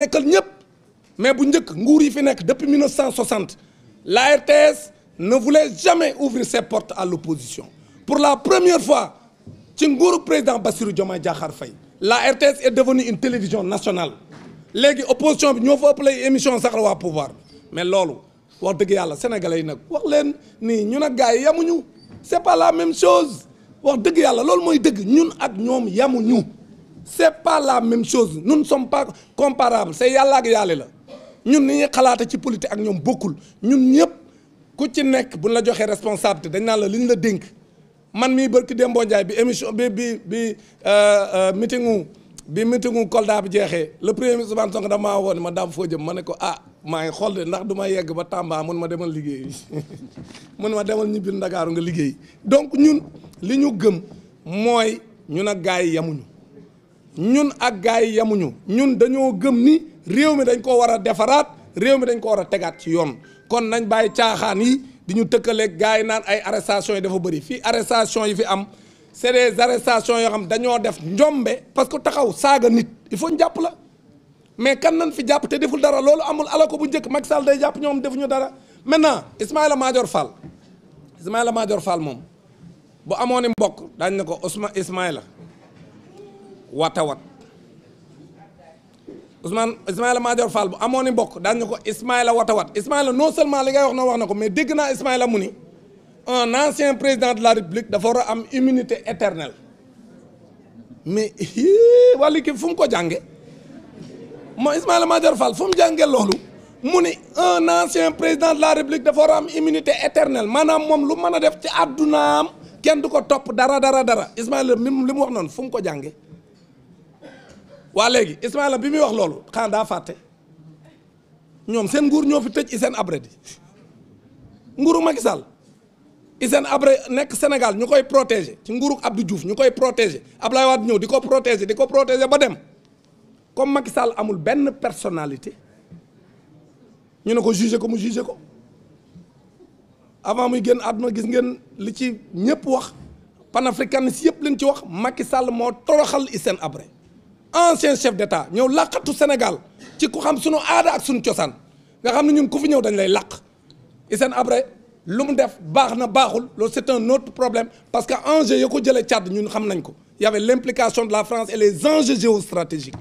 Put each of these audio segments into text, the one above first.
nekkal ñëpp mais bu njëkk nguur yi fi nekk depuis 1960 la RTS ne voulait jamais ouvrir ses portes à l'opposition pour la première fois ci nguuru président Bassirou Diomaye Diakhar Faye la RTS est devenue une télévision nationale léegi opposition bi ñoo fa ëpp lay émission sax la waa pouvoir mais loolu wax dëgg yàlla sénégalais yi nag wax leen ni ñun ak gars yi yamuñu c'est pas la même chose wax dëgg yàlla loolu mooy dëgg ñun ak ñoom yamuñu c'est pas la même chose nous ne sommes pas comparables c'est yàlla yàlla la ñun ni ñuy xalaate ci politique ak ñoom bokkul ñun ñëpp ku ci nekk bu ñu la joxee responsabilité dañ naa la li ñu la dénk man mii barki dem Ndiaye bi émission bi bi bi euh, euh, meetingu bi meetingu Kolda bi jeexee le premier ministre Ousmane Sonko woon ma daam foo jëm ma ne ko ah maa ngi xool de ndax du yegg ba Tamba mun ma demal liggéey mun ma demal ñibbi Ndakaaru nga liggéey donc ñun li ñu gëm mooy ñu ne gars yi yamuñu. ñun ak gars yi yemuñu ñun dañoo gëm ni réew mi dañ ko war a defaraat réew mi dañ ko war a tegaat ci yoon kon nañ bàyyi caaxaan yi di ñu tëkkaleeg gars yi naan ay arrestation yi dafa bëri fii arrestation yi fi am c'est des arrestations yoo xam dañoo def njombe parce que taxaw saaga nit il faut ñu jàpp la mais kan nañ fi jàpp te deful dara loolu amul ala ko bu njëkk Macky Sall day jàpp ñoom defuñu dara maintenant Ismaïla Madior Fall Ismaïla Madior Fall moom bu amoon mbokk daañu ne ko Ousmane Ismaïla wata wat Ousmane Ismaïla Madior Fall bu amoon i daan daañu ko Ismaïla wata wat Ismaïla non seulement li ngay wax noonu wax na ko mais dégg naa Ismaïla mu ni un ancien président de la République dafa war a am immunité éternelle mais wàllu kii fu mu ko jànge moo Ismaïla Madior Fall fu mu jànge loolu mu ni un ancien président la République dafa war am immunité éternelle maanaam moom lu mën a def ci àddunaam kenn du ko topp dara dara dara Ismaïla mi li mu wax noon fu mu ko jànge waa léegi Ismaïla bi muy wax loolu xanaa daa fàtte ñoom seen nguur ñoo fi tëj Hissène Habré di nguuru Macky Sall Hissène Habré nekk Sénégal ñu koy protéger ci nguuru Abdou Diouf ñu koy protéger Abdoulaye Wade ñëw di ko protéger di ko protéger ba dem comme Macky Sall amul benn personnalité ñu ne ko juger ko mu juger ko avant muy génn àdduna gis ngeen li ci ñëpp wax panafricanistes yëpp leen ci wax Macky Sall moo toroxal Hissène Habré ancien chef d'État ñëw làqatu Sénégal ci ku xam sunu aada ak sunu cosaan nga xam ne ñun ku fi ñëw dañ lay làq Hissène Habré lu mu def baax na baaxul loolu c'est un autre problème parce que enjeu ya ko jëlee Tchad ñun xam nañ ko y avait l'implication de la France et les enjeux géostratégiques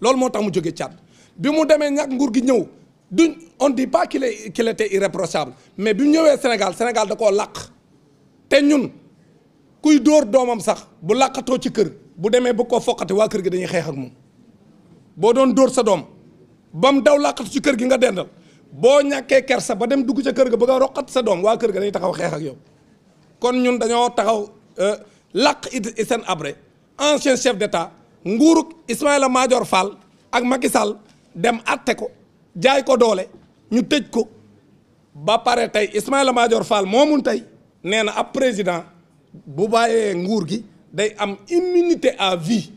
loolu moo tax mu jógee Tchad bi mu demee ñàkk nguur gi ñëw du on dit pas qu'il est qu'il irréprochable mais bi ñëwee Sénégal Sénégal da koo làq te ñun kuy dóor doomam sax bu làqatoo ci kër bu demee ba koo foqati waa kër gi dañuy xeex moom boo doon dóor sa doom ba mu daw làqatu ci kër gi nga dendal boo ñàkkee kersa ba dem dugg sa kër gi ba nga roqat sa doom waa kër gi dañuy taxaw xeex ak yow kon ñun dañoo taxaw euh, làq Hissène Habré ancien chef d'état nguurug Ismaïla major Fall ak Macky Sall dem atte ko jaay ko doole ñu tëj ko ba pare tey Ismaïla Madior Fall moomun tey nee na ab président bu bàyyee nguur gi day am immunité à vie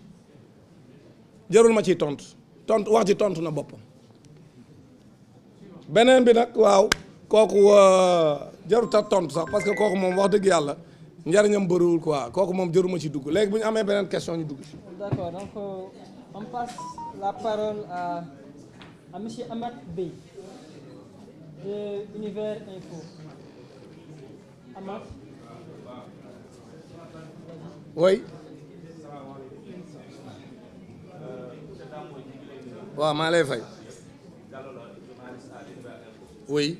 jarul ma ci tontu tontu wax ci tontu na boppam beneen bi nag waaw kooku euh, jarut a tontu sax parce que kooku moom wax dëgg yàlla njariñam bëriwul quoi kooku moom ma ci dugg léegi bu ñu amee beneen question ñu dugg ci. d'accord donc euh, way waaw maa lay fay oui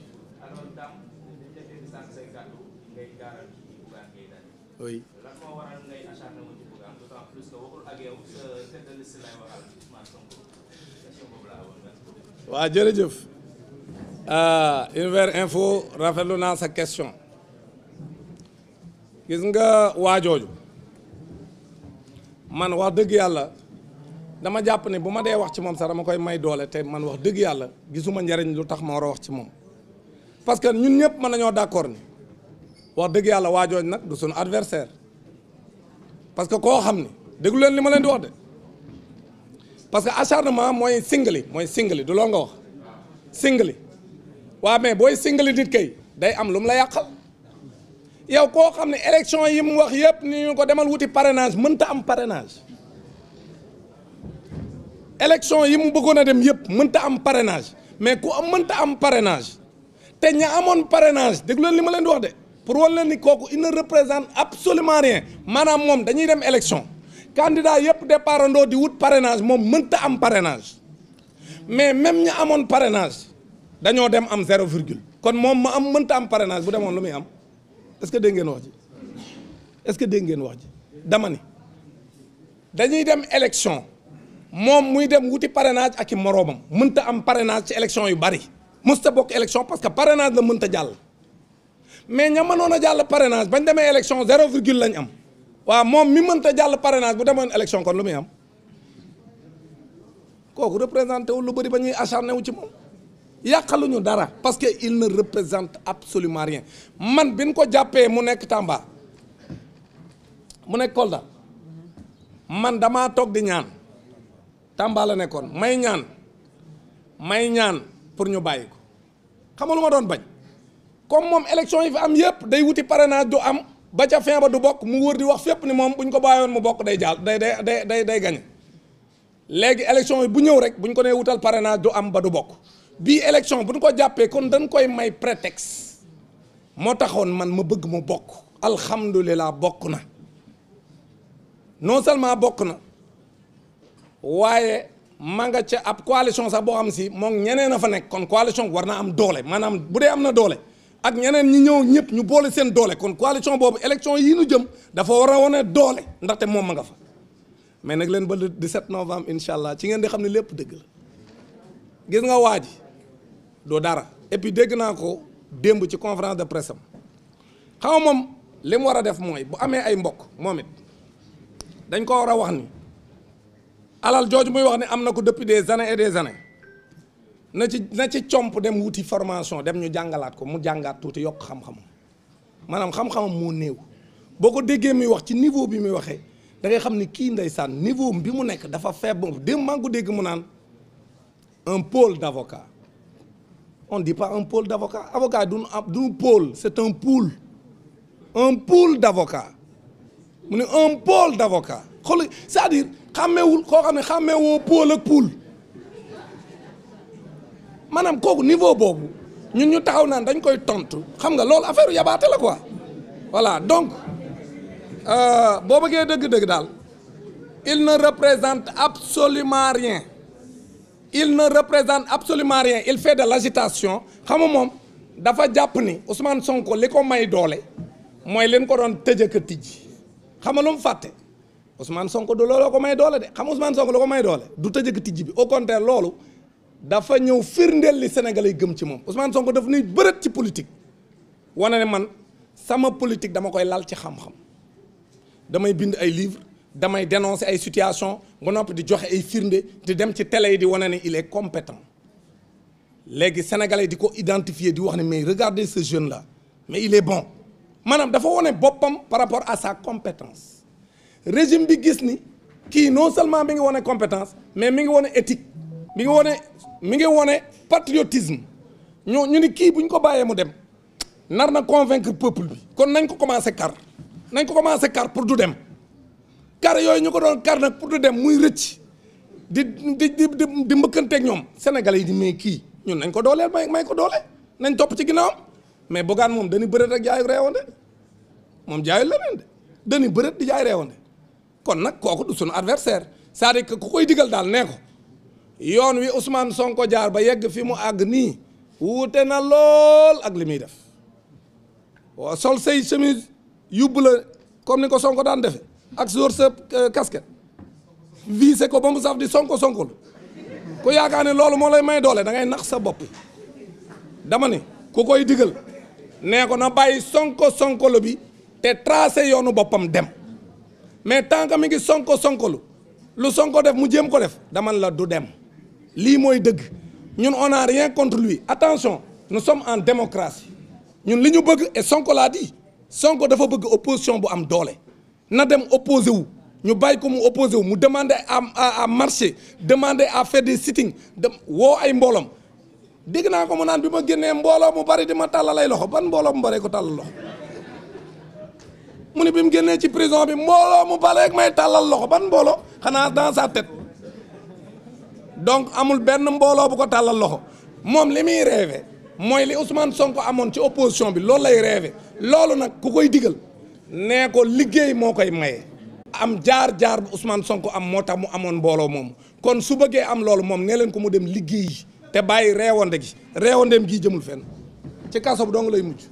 waa jërëjëf ah, Univers Info rafetlu naa sa question gis nga waajooju man wax dëgg yàlla dama jàpp ne bu ma dee wax ci moom sax dama koy may doole te man wax dëgg yàlla gisuma njariñ lu tax ma war a wax ci moom parce que ñun ñëpp mën nañoo d'accord ni wax dëgg yàlla waajooñ nag du suñu adversaire parce que koo xam ne déglu leen li ma leen di wax de parce que acharnement mooy singli mooy singli du loolu nga wax singli waa mais booy singli nit kay day am lu mu la yàqal yow koo xam ne élection yi mu wax yëpp ni ñu ko demal wuti parrainage mënta am parrainage élection yi mu bëggoon a dem yëpp mënta am parrainage mais ku am mënta am parrainage te ña amoon parenage déglu leen li ma leen di wax de pour wan leen ni kooku il ne représente absolument rien maanaam moom dañuy dem élection candidat yëpp départandoo di wut parrainage moom mënta am parrainage mais même ña amoon parrainage dañoo dem am zéro virgule kon moom ma am mënta am parenage bu demoon lu muy am est-ce que dégg ngeen wax ji est-ce que dégg ngeen wax ji dama ni dañuy dem élection moom muy dem wuti parrainage ak i moroomam mënta am parrainage ci élection yu bari mësta bokk élection parce que parrainage la mënta jàll mais ña mënoon a jàll parenage bañ demee élection zéro virgule lañu am waaw moom mi mënta jàll parrainage bu demoon élection kon lu muy am kooku représenté wu lu bari ba ñuy acharné wu ci moom yàqaluñu dara parce que il ne représente absolument rien man bi ñu ko jàppee mu nekk Tamba mu nekk Kolda man damaa toog di ñaan Tamba la nekkoon may ñaan may ñaan pour ñu bàyyi ko xam lu ma doon bañ comme moom élection yi fi am yëpp day wuti naa du am ba ca fin ba du bokk mu wër di wax fépp ni moom bu ñu ko bàyyoon mu bokk day jaal day day day day day gañe léegi élection yi bu ñëw rek bu ñu ko nee wutal pare naa du am ba du bokk. bii élection bu ñu ko jàppee kon dañ koy may prétexte moo taxoon man ma bëgg mu bokk alhamdulilah bokk na non seulement bokk na waaye ma nga ca ab coalition sax boo xam si moom ñeneen a fa nekk kon coalition war naa am doole maanaam bu dee am na doole ak ñeneen ñi ñëw ñëpp ñu boole seen doole kon coalition boobu élection yii ñu jëm dafa war a wane doole ndaxte moom ma nga fa mais nag leen ba le 17 novembre incha allah ci ngeen di xam ne lépp dëgg la nga waa ji doo dara et puis dégg naa ko démb ci conférence de presse am xaw moom li mu war a def mooy bu amee ay mbokk moom it dañ ko war a wax ni alal jooju muy wax ni am na ko depuis des années et des années na ci na ci comp dem wuti formation dem ñu jàngalaat ko mu jàngaat tuuti yokk xam-xamam maanaam xam-xamam moo néew boo ko déggee muy wax ci niveau bi muy waxee dangay xam ni kii ndeysaan niveau bi mu nekk dafa faible démb maa ngi ko dégg mu naan un pôle d'avocat on ne dit pas un pôle d'avocats avocat du duñu pôle c'est un pool un pool d'avocats mu ne un pôle d'avocats xool c'est-à-dire xàmmeewul koo xam ne xàmmeewoo pôle ak pool maanaam kooku niveau boobu ñun ñu taxaw naan dañ koy tontu xam nga loolu affaire yabaate la quoi voilà donc euh, boo bëggee dëgg-dëgg daal il ne représente absolument rien il ne représente absolument rien il fait de l'agitation xam nga moom dafa jàpp ni Ousmane Sonko li ko may doole mooy leen ko doon tëj ak tijji xam nga lu fàtte Ousmane Sonko du looloo ko may doole de xam Ousmane Sonko lu ko may doole du tëj ak tijji bi au contraire loolu dafa ñëw firndeel li Sénégalais yi gëm ci moom Ousmane Sonko daf nuy bërët ci politique wane ne man sama politique dama koy lal ci xam-xam damay bind ay livres damay dénoncer ay situation ba noppi di joxe ay firnde di dem ci télé yi di wane ne il est compétent léegi sénégalais di ko identifier di wax ne mais regardez ce jeune la mais il est bon maanaam dafa wane boppam par rapport à sa compétence régime bi gis ni kii non seulement mi nga wane compétence mais mi ngi wane éthique mi ngi wane mi ngi wane patriotisme ñoo ñu ni kii bu ñu ko bàyyee mu dem nar na convaincre peuple bi kon nañ ko commencé kar nañ ko commencé kar pour du dem kar yooyu ñu ko doon kar nag pour du dem muy rëcc di di di di ñoom senegal yi di may kii ñun nañ ko dooleel may may ko doole nañ topp ci ginnaawam mais Bougane moom dañu bëreet rek jaayu reewande moom jaayul leneen de dañu bëreet di jaay reewande kon nag kooku du suñu adversaire c'est-à-dire que ku koy digal daal nee ko yoon wi Ousmane Sonko jaar ba yegg fi mu àgg nii wuute na lool ak li muy def waaw sol say chemise yóbbu la comme ni ko Sonko daan defe ak sóor sa euh, casquette viser ko ba mu saf di sonko sonkul ku yaakaar ne loolu moo lay may doole da ngay nax sa bopp dama ne ku koy digal nee ko na bàyyi sonko sonkolu bi te tracé yoonu boppam dem mais tant que mi ngi sonko sonkolu lu sonko def mu jéem ko def dama la du dem lii mooy dëgg ñun on a rien contre attention nous sommes en démocratie ñun li ñu bëgg e sonko laa di sonko dafa bëgg opposition bu am doole na dem opposé wu ñu bàyyi ko mu opposé wu mu demander à à marcher demander à faire des sitting dem woo ay mbooloom dégg naa ko mu naan bi ma génnee mbooloo mu bari di ma tàllalay loxo ban mbooloo mu baree ko tàllal loxo mu ne bi mu génnee ci prison bi mbooloo mu bareek may tàllal loxo ban mbooloo xanaa dans sa donc amul benn mbooloo bu ko tàllal loxo moom li muy rêvé mooy li Ousmane Sonko amoon ci opposition bi loolu lay rêvé loolu nag ku koy digal. nee ko liggéey moo koy maye. am jaar-jaar bu Ousmane Sonko am moo tax mu amoon mbooloo moom kon su bëggee am loolu moom nee leen ko mu dem liggéeyi te bàyyi reewande gi reewandeem gi jëmul fen ci kaso bu dong lay mujj.